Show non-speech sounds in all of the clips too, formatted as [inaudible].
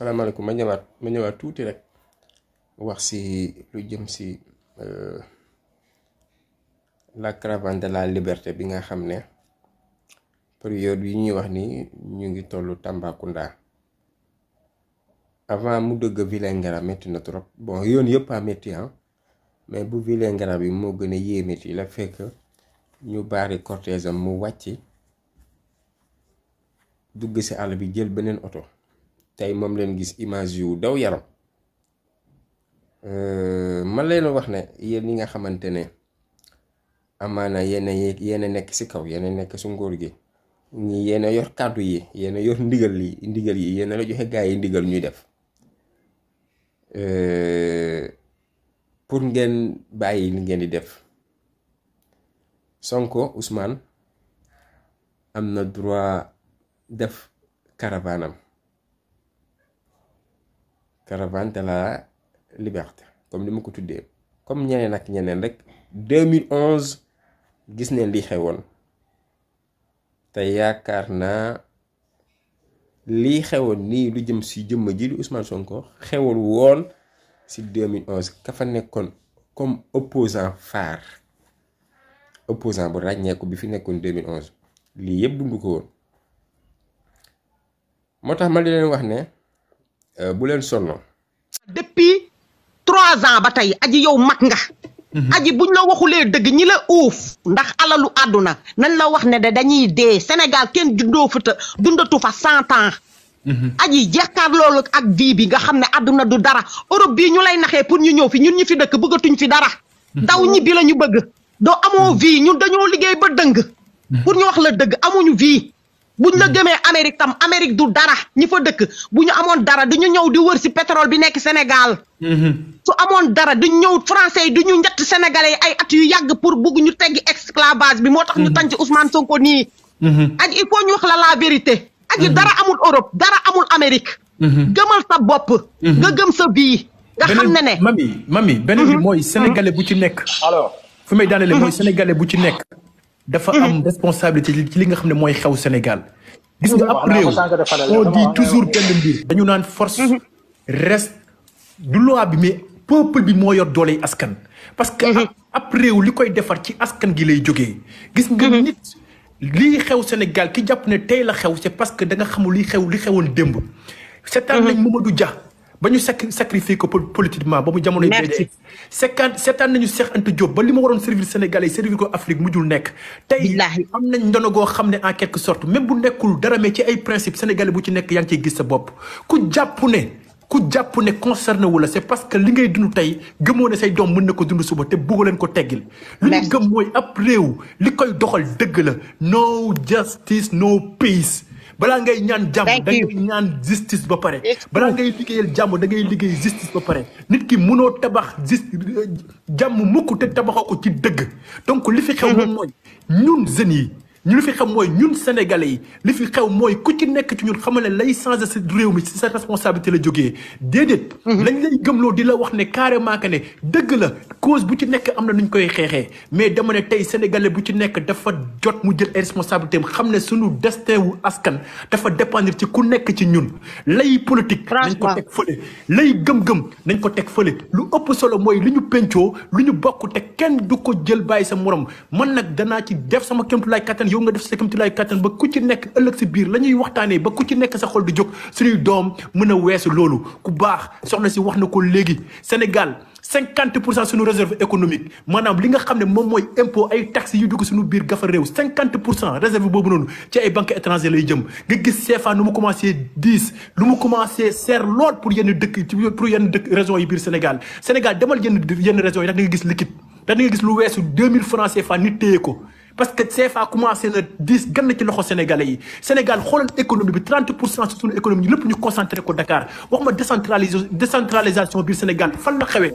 salaamaaleykum ma ñëwaat ma ñëwaat tuuti rek wax si lu jëm si euh, la caravane de la liberté bi nga xam ne période yi ñuy wax ni ñu ngi tollu Tambacounda avant mu dëgg Vélingara métti na trop bon yoon yëpp a métti ah, mais bu Vélingara bi moo gën a yéeméti la fekk ñu baari cortège am mu wàcc dugg si àll bi jël beneen oto tey moom leen gis image yu daw yaram euh, man leen wax ne yéen ñi nga xamante ne amaana yéen yéen nekk si kaw yéen nekk si nguur gi ñi yéen yor kàddu yi yéen yor ndigal yi ndigal yi yéen la joxe gaa yi ndigal ñuy def euh, pour ngeen bàyyi li ngeen di def Sonko Ousmane am na droit def caravanam caravane de la liberté comme ni ma ko tuddee comme ñeneen ak ñeneen rek 2011 gis neen li xewoon te yaakaar naa lii xewoon nii lu jëm si jëmm ji di Ousmane Sonko xewul woon si 2011 ka fa nekkoon comme opposant phare opposant bu ràññeeku bi fi nekkoon 2011 lii yëpp dundu ko woon moo tax ma di leen wax ne. Euh, bu leen sonn. depuis trois ans ba tey aji yow mag nga. Mhm. aji buñ la waxulee dëgg ñi la uuf. ndax alalu àdduna nañ la wax ne de dañuy dee Sénégal kenn dundoo fa te dundatu fa cent ans. Mhm. aji jàkkaarloo ak vie bi nga xam ne àdduna du dara Europe bi ñu lay naxee pour ñu ñëw fi ñun ñu fi dëkk bëggatuñ fi dara. Mhm. daw ñibbi la ñu bëgg. doo amoo vie ñun dañoo liggéey ba dëng. pour ñu wax la dëgg amuñu vie. buñ la hmm. gëmee Amérique tam Amérique du dara ñi fa dëkk bu ñu amoon dara du ñu ñëw di wër si pétrole bi nekk Sénégal. Hmm. su amoon dara du ñëw français yi du ñu ñett sénégalais yi ay at yu yàgg pour bugg ñu teggi esclavage bi moo tax ñu hmm. tànc Ousmane Sonko nii. ak il faut ñu wax la la vérité. ak dara amul Europe dara amul Amérique. gëmal sa bopp. nga gëm sa bii. nga xam ne ne mami mami beneen bi mooy sénégalais bu ci nekk. alors fu may daanelee mooy sénégalais bu ci nekk. dafa mhm. am responsabilité ci li nga xam ne mooy xew Sénégal. gis nga ab réew on dit toujours benn mbir. dañu naan force. Mhm. reste du loi bi mais peuple bi moo yor doole askan. parce que mhm. ab li koy defar ci askan gi lay jóge gis nga nit lii xew Sénégal ki jàpp ne tey la xew c'est parce que da nga xamul li xew li xewoon démb. seetaan nañ du Dia. ba ñu sac sacrifié ko politiquement ba mu jamono yi. merci seetaan seetaan nañu Cheikh Anta Diop ba li ma waroon servir Sénégalais servir ko Afrique mujjul nekk. tey am nañ ndono goo xam ne en quelque sorte même bu nekkul dara mais ci ay principe sénégalais bu ci nekk yaa ngi ciy gis sa bopp ku jàpp ne. ku jàpp ne concerné wu la c'est parce que li ngay dund tey gëmoo ne say doom mën na ko dund suba te bëggu leen ko teggil lu ñu gëm mooy ab réew li koy doxal dëgg la no justice no peace balaa ngay ñaan jàmm da ngay ñaan justice ba pare balaa ngay liggéeyal jàmm da ngay liggéey justice ba pare nit ki mënoo tabax jus jàmm mukk te tabaxoo ko ci dëgg donc li fi xew mm-hmm. moom mooy ñun jeunes yi ñu li fi xam mooy ñun sénégalais yi li fi xew mooy ku ci nekk ci ñun xamal ne lay changé sa réew mi si sa responsabilité la jógee déedéet. Mhm. lañ lay gëmloo di la wax ne carrément que ne dëgg la cause bu ci nekk am na nu ñu koy xeexee mais dama ne tey sénégalais bu ci nekk dafa jot mu jël ay responsabilité xam ne suñu destin wu askan dafa dépendre ci ku nekk ci ñun lay politique. nañ ko teg fële lay gëm-gëm nañ ko teg fële lu ëpp solo mooy lu ñu pencoo lu ñu bokk te kenn du ko jël bàyyi sa morom man nag danaa ci def sama kéemtulaay kattan yow yow nga def sa kamti laay kàttan ba ku ci nekk ëllëg si biir la ñuy waxtaanee ba ku ci nekk sa xol di jóg suñuy doom mën a weesu loolu ku baax soxna si wax na ko léegi Sénégal cinquante pour cent suñu réserve économique maanaam li nga xam ne moom mooy impôt ay taxes yu dugg suñu biir gafa réew cinquante pour cent réserve boobu noonu ci ay banques étrangères lay jëm nga gis CFA nu mu commencé dix lu mu commencé seer lool pour yenn dëkk pour yenn dëkk régions yi biir Sénégal Sénégal demal yenn yenn régions yi nag nga gis liquide da weesu deux mille francs ko parce que CFA commencé na dis gan na ci loxo sénégalais yi Sénégal xoolal économie bi 30 pour cent surtout économie lépp ñu concentré ko Dakar wax ma décentralisation biir Sénégal fan la xewee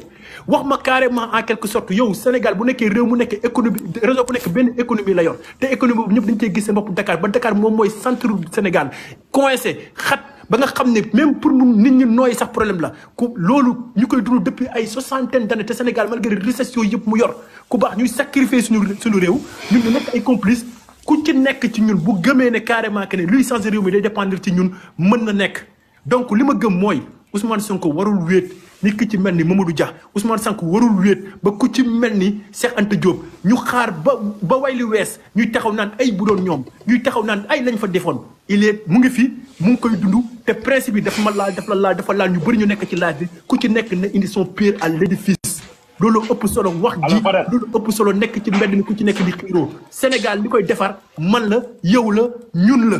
wax ma carrément en quelque sorte yow Sénégal bu nekkee réew mu nekkee économie réseau bu nekk benn économie la yor te économie boobu ñëpp dañu cee gis seen bopp Dakar ba Dakar moom mooy centre Sénégal coincé xat ba nga xam ne même pour mu nit ñi nooy sax problème la loolu ñu koy dund depuis ay soixantaine d'années te Sénégal malgré récession yëpp mu yor ku baax ñuy sacrifier suñu suñu réew ñu nekk ay complice ku ci nekk ci ñun bu gëmee ne carrément que ne luy changer réew mi day dépendre ci ñun mën na nekk donc li ma gëm mooy Ousmane Sonko warul wéet nit ki ci mel ni Mamadou Dia Ousmane Sonko warul wéet ba ku ci mel ni Cheikh Anta Diop ñu xaar ba ba way li wees ñuy taxaw naan ay bu doon ñoom ñuy taxaw naan ay lañ fa defoon il mu ngi fi mu ngi koy dund te principe bi dafa ma laal dafa la laal dafa laal ñu bëri ñu nekk ci laaj bi ku ci nekk na indi son pierre à l'édifice loolu ëpp solo wax ji loolu ëpp solo nekk ci mbedd mi ku ci nekk di xiiroo Sénégal li koy defar man la yow la ñun la.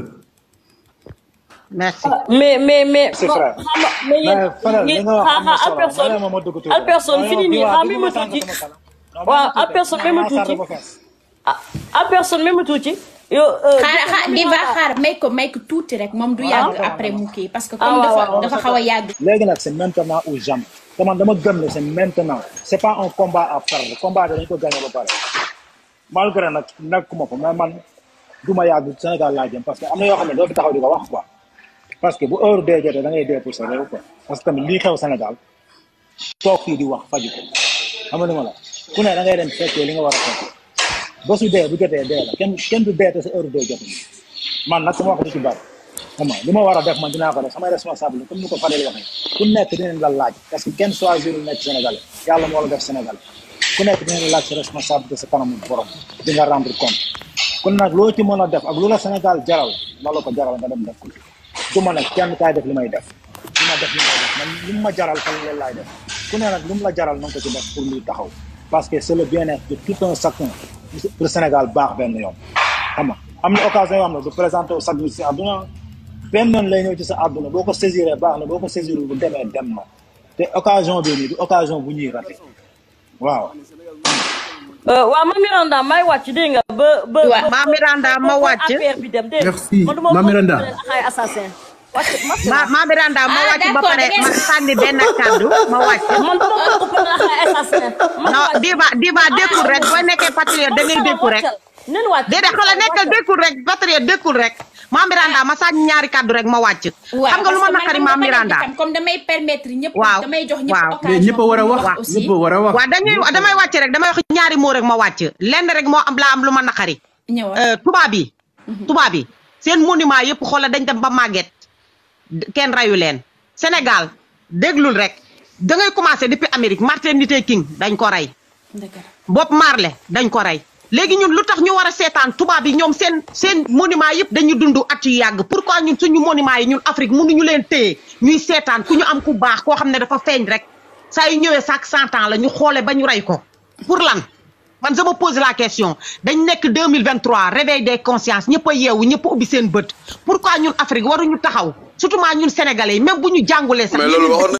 merci ah, mais mais mais. c'est vrai mais yéen yéen xaaxa à personne à personne fini nii ah, ah même tuuti waaw à personne même tuuti ah à personne même tuuti. yow xaaral euh, xaar di ba xaar may ko tuuti rek moom du ah, yàgg ah, ah. après mu kii parce que comme dafa dafa xaw a yàgg. léegi nag c'est maintenant ou jamais dama dama gëm ne c'est maintenant c'est pas un combat à perdre combat dañu ko gagné ba pare malgré nag nekkuma ko mais man du ma yàgg Sénégal laa jëm parce que am na yoo xam ne doo fi taxaw di ko wax quoi parce que bu heure dee jotee da ngay dee pour sa réew quoi parce que tamit lii xew Sénégal toog fii di wax faj ko xam nga li ma la ku ne da ngay dem fekkee li nga bosu dee bu jotee dee la kenn kenn du dee te sa heure dee man nag sama wax du ci bari xam ma war a def man dinaa ko def samay responsable ko Fadel waxee ku nekk dinañ la laaj parce que kenn choisir lu nekk Sénégal yàlla moo la def Sénégal ku nekk dinañ la laaj sa responsable de sa kanamu borom di rendre compte kon nag loo ci mën a def ak lu la Sénégal jaral la la ko jaral nga dem def ko du ma nag kenn kaay def li may def li ma def li may def man li ma jaral fan loolu laay lu mu la jaral na nga ko ci parce que c'est le pour Sénégal baax benn yoon xam nga am na occasion yoo xam na du présenté sa jour si àdduna benn na lay ci sa àdduna boo ko saisiree baax na boo ko saisir bu demee dem na te occasion bi nii du occasion bu ñuy raté waaw euh, waaw ma Miranda may wàcc dégg nga ba ba ma Miranda ma wàcc merci ma Miranda assassin ma ma ma ah, wàcc ba pare ma sànni benn kàddu ma wàcc. [laughs] man dama diva diva ah, rek boo nekkee patriote da ngay dékkul rek. nen wàcc déedéet xale nekkal dékkul rek patriote dékkul rek. ma Biranda ah. ma sànni ñaari kàddu rek ma wàcc. xam nga lu ma naqari ma Biranda. comme damay permettre ñëpp. waaw damay jox ñëpp occasion ñëpp a war a wax a war a wax. waaw dañuy damay wàcc rek damay wax ñaari moo rek ma wàcc lenn rek moo am laa am lu ma naqari. Euh, tubaab yi mhm. tubaab yi seen monument yëpp xoolal dañ dem ba màgget kenn reyu leen Sénégal déglul rek dangay ngay commencé depuis Amérique Martin Luther King dañ ko rey. Bob Marley dañ ko rey. léegi ñun lu tax ñu war a seetaan tubaab yi ñoom seen seen monument yëpp dañu dund at yu yàgg pourquoi ñun suñu monument yi ñun Afrique ñu leen téye ñuy seetaan ku ñu am ku baax koo xam ne dafa feeñ rek saa yu ñëwee chaque cent ans la ñu xoole ba ñu rey ko pour lan. man sama pose la question dañ nekk 2023 réveil des consciences ñëpp a yeewu ñëpp a ubbi seen bët pourquoi ñun Afrique waruñu taxaw surtout maa ñun sénégalais yi même bu ñu jàngulee sax.